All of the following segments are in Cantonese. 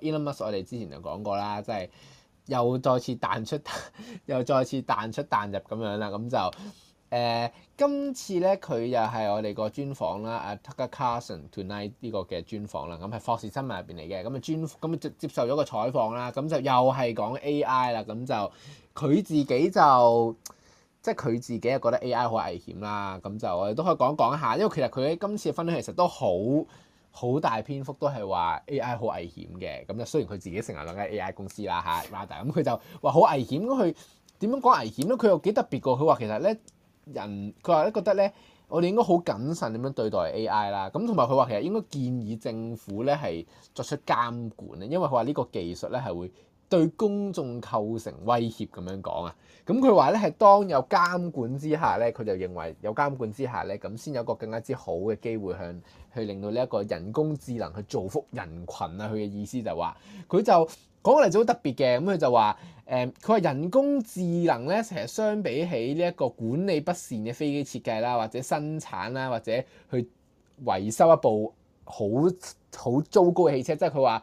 Elon Musk，我哋之前就講過啦，即、就、係、是、又再次彈出， 又再次彈出彈入咁樣啦。咁就誒、呃，今次咧佢又係我哋個專訪啦。阿、 啊、Tucker Carlson tonight 呢個嘅專訪啦，咁係《霍士新聞》入邊嚟嘅。咁啊專咁接受咗個採訪啦。咁就又係講 AI 啦。咁就佢自己就。即係佢自己又覺得 AI 好危險啦，咁就我哋都可以講講下，因為其實佢喺今次嘅分享其實都好好大篇幅都係話 AI 好危險嘅。咁就雖然佢自己成日兩間 AI 公司啦嚇，咁佢就話好危險咁，佢點樣講危險咧？佢又幾特別嘅，佢話其實咧人，佢話咧覺得咧，我哋應該好謹慎咁樣對待 AI 啦。咁同埋佢話其實應該建議政府咧係作出監管咧，因為佢話呢個技術咧係會。對公眾構成威脅咁樣講啊，咁佢話咧係當有監管之下咧，佢就認為有監管之下咧，咁先有個更加之好嘅機會向去，去令到呢一個人工智能去造福人群啊。佢嘅意思就係話，佢就講個例子好特別嘅，咁佢就話誒，佢話人工智能咧，其實相比起呢一個管理不善嘅飛機設計啦，或者生產啦，或者去維修一部好好糟糕嘅汽車，即係佢話。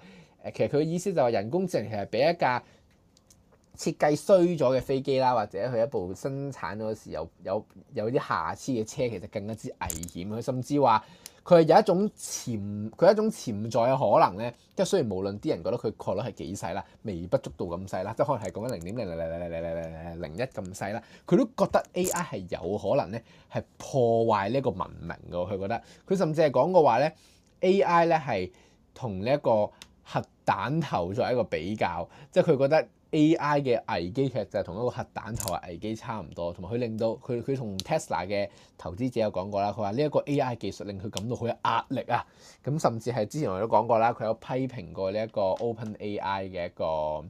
其實佢嘅意思就係人工智能其實比一架設計衰咗嘅飛機啦，或者佢一部生產嗰時有有啲瑕疵嘅車，其實更加之危險。佢甚至話佢係有一種潛佢有一種潛在嘅可能咧。即係雖然無論啲人覺得佢概率係幾細啦，微不足道咁細啦，即係可能係講緊零點零零零零零零零零一咁細啦，佢都覺得 A.I 係有可能咧係破壞呢一個文明㗎。佢覺得佢甚至係講過話咧，A.I 咧係同呢一個彈頭作為一個比較，即係佢覺得 AI 嘅危機其實就係同一個核彈頭嘅危機差唔多，同埋佢令到佢佢同 Tesla 嘅投資者有講過啦，佢話呢一個 AI 技術令佢感到好有壓力啊，咁甚至係之前我都講過啦，佢有批評過呢一個 OpenAI 嘅一個。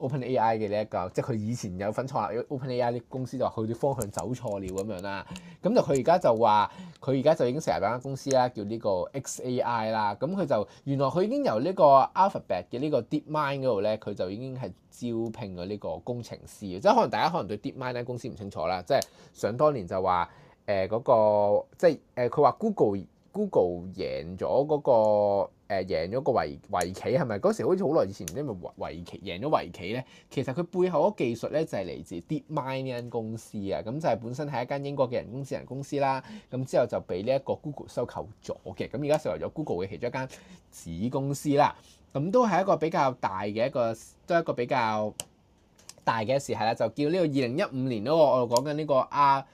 Open AI 嘅呢一個，即係佢以前有份創立啦。Open AI 啲公司就話佢啲方向走錯了咁樣啦。咁就佢而家就話佢而家就已經成立間公司啦，叫呢個 XAI 啦。咁佢就原來佢已經由呢個 Alphabet 嘅呢個 DeepMind 嗰度咧，佢就已經係招聘咗呢個工程師。即係可能大家可能對 DeepMind 呢個公司唔清楚啦。即係想當年就話誒嗰個即係誒佢話 Google。呃 Google 贏咗嗰、嗰個誒、呃、贏咗個圍圍棋係咪？嗰時好似好耐以前，唔知咪圍，圍棋贏咗圍棋咧。其實佢背後嗰技術咧就係、係、嚟自 DeepMind 呢間公司啊。咁就係本身係一間英國嘅人工智能公司啦。咁之後就俾呢一個 Google 收購咗嘅。咁而家成為咗 Google 嘅其中一間子公司啦。咁都係一個比較大嘅一個都一個比較大嘅事係啦。就叫呢個二零一五年嗰、嗰個我講緊呢個阿。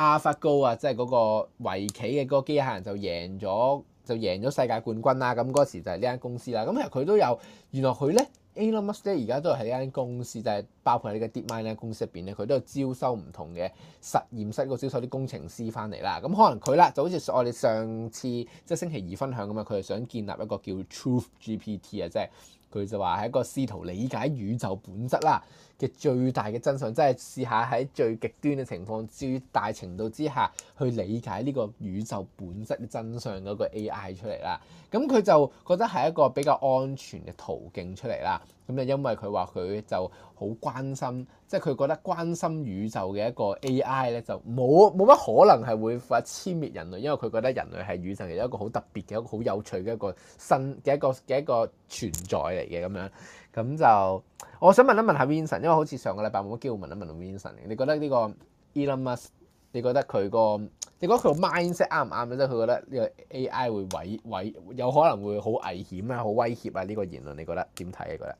阿法高啊，即係嗰個圍棋嘅嗰個機器人就贏咗，就贏咗世界冠軍啦、啊！咁嗰時就係呢間公司啦、啊。咁其實佢都有，原來佢咧。Elon Musk 咧而家都係呢間公司，就係、是、包括喺呢個 DeepMind 公司入邊咧，佢都有招收唔同嘅實驗室，個招收啲工程師翻嚟啦。咁、嗯、可能佢啦，就好似我哋上次即係星期二分享咁啊，佢係想建立一個叫 Truth GPT 啊，即係佢就話係一個試圖理解宇宙本質啦嘅最大嘅真相，即係試下喺最極端嘅情況、最大程度之下去理解呢個宇宙本質嘅真相嗰個 AI 出嚟啦。咁、嗯、佢就覺得係一個比較安全嘅途徑出嚟啦。咁就因為佢話佢就好關心，即係佢覺得關心宇宙嘅一個 AI 咧，就冇冇乜可能係會發消滅人類，因為佢覺得人類係宇宙嘅一個好特別嘅一個好有趣嘅一個新嘅一個嘅一,一,一個存在嚟嘅咁樣。咁就我想問一問,問一下 Vincent，因為好似上個禮拜冇乜機會問一問到 Vincent，你覺得呢個 Elon Musk？你覺得佢個，你覺得佢個 mindset 啱唔啱啊？即係佢覺得呢個 AI 會毀毀，有可能會好危險啊、好威脅啊呢個言論，你覺得點睇啊？覺得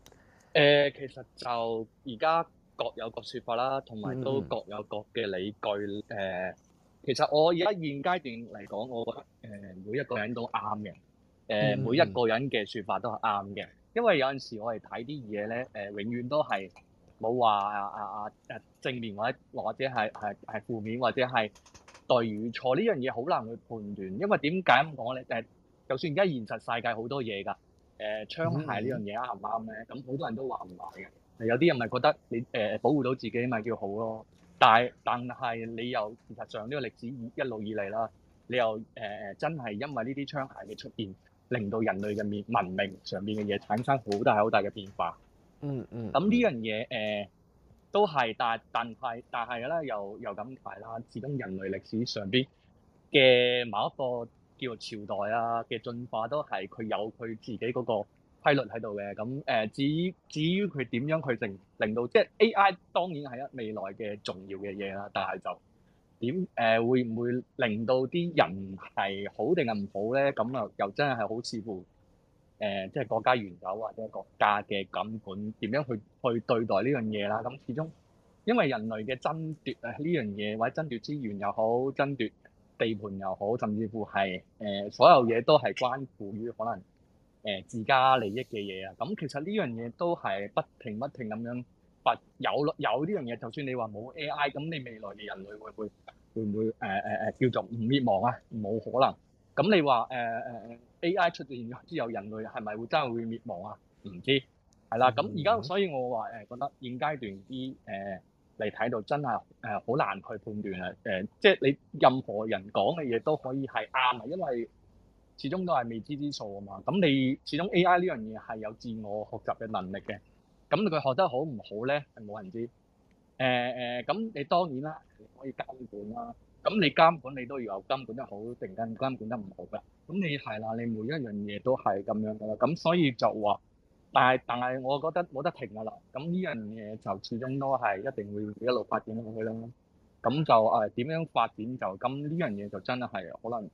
誒，其實就而家各有各説法啦，同埋都各有各嘅理據。誒、嗯呃，其實我而家現階段嚟講，我覺得誒每一個人都啱嘅。誒、呃，每一個人嘅説法都係啱嘅，因為有陣時我係睇啲嘢咧，誒、呃、永遠都係，冇話啊啊啊誒正面，或者或者係係係負面，或者係對與錯，呢樣嘢好難去判斷，因為點解咁講咧？誒，就算而家現實世界好多嘢㗎，誒、啊、槍械呢樣嘢啱唔啱咧？咁好多人都話唔買嘅，有啲人咪覺得你誒保護到自己咪叫好咯、啊。但係但係你又事實上呢個歷史一路以嚟啦，你又誒誒、啊、真係因為呢啲槍械嘅出現，令到人類嘅面文明上面嘅嘢產生好大好大嘅變化。嗯嗯，咁、嗯、呢樣嘢誒、呃、都係，但係但係但係咧，又又咁提啦。始終人類歷史上邊嘅某一個叫做朝代啊嘅進化，都係佢有佢自己嗰個規律喺度嘅。咁誒、呃，至於至於佢點樣去令令到，即係 A.I. 當然係啦，未來嘅重要嘅嘢啦。但係就點誒、呃、會唔會令到啲人係好定係唔好咧？咁啊，又真係係好似乎。誒、呃，即係國家元首或者國家嘅監管點樣去去對待呢樣嘢啦？咁始終因為人類嘅爭奪啊，呢樣嘢或者爭奪資源又好，爭奪地盤又好，甚至乎係誒、呃、所有嘢都係關乎於可能誒、呃、自家利益嘅嘢啊！咁、嗯、其實呢樣嘢都係不停不停咁樣發有有呢樣嘢。就算你話冇 AI，咁你未來嘅人類會會會唔會誒誒誒叫做唔滅亡啊？冇可能。咁你話誒誒誒 AI 出現之後人類係咪會真係會滅亡啊？唔知係啦。咁而家所以我話誒覺得現階段啲誒嚟睇到真係誒好難去判斷啊。誒即係你任何人講嘅嘢都可以係啱，因為始終都係未知之數啊嘛。咁你始終 AI 呢樣嘢係有自我學習嘅能力嘅，咁佢學得好唔好咧，係冇人知。誒誒，咁你當然啦，你可以監管啦。咁你監管你都要有監管得好，定唔緊監管得唔好㗎？咁你係啦，你每一樣嘢都係咁樣㗎啦。咁所以就話，但係但係，我覺得冇得停㗎啦。咁呢樣嘢就始終都係一定會一路發展落去啦。咁就誒呃、點樣發展就咁呢樣嘢就真係可能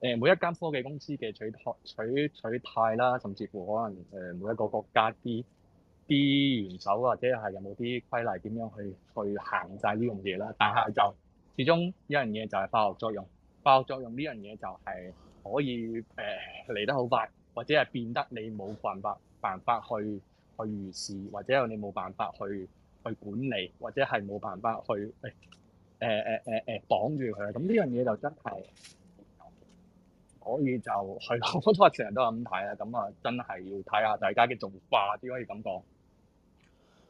誒每一間科技公司嘅取託取取態啦，甚至乎可能誒每一個國家啲啲元首或者係有冇啲規例點樣去去限制呢樣嘢啦。但係就始終一樣嘢就係化學作用，化學作用呢樣嘢就係可以誒嚟、呃、得好快，或者係變得你冇辦法辦法去去預示，或者你冇辦法去去管理，或者係冇辦法去誒誒誒誒誒綁住佢。咁呢樣嘢就真係可以就係咯，好多成日都係咁睇啦。咁啊，真係要睇下大家嘅做法點可以咁講。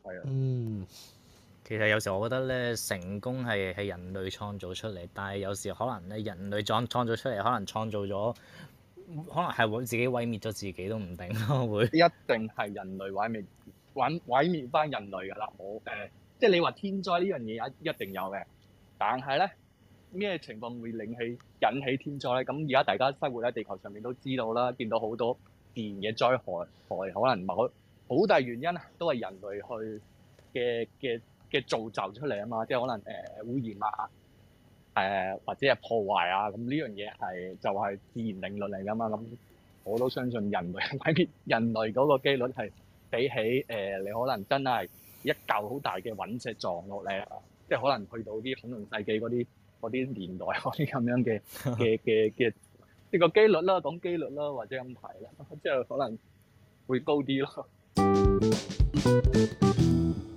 係啊。嗯。其實有時候我覺得咧，成功係係人類創造出嚟，但係有時可能咧，人類創創造出嚟，可能創造咗，可能係會自己毀滅咗自己都唔定咯，會一定係人類毀滅，毀毀滅翻人類㗎啦！冇誒，即係你話天災呢樣嘢一一定有嘅，但係咧咩情況會令起引起天災咧？咁而家大家生活喺地球上面都知道啦，見到好多自然嘅災害，害可能唔係好大原因都係人類去嘅嘅嘅造就出嚟啊嘛，即係可能誒、呃、污染啊，誒、呃、或者係破壞啊，咁呢樣嘢係就係、是、自然定律嚟㗎嘛。咁、嗯、我都相信人類人類嗰個機率係比起誒、呃、你可能真係一嚿好大嘅隕石撞落嚟，即係可能去到啲恐龍世紀嗰啲啲年代嗰啲咁樣嘅嘅嘅嘅，即係個機率啦，講機率啦，或者咁睇啦，即係可能會高啲咯。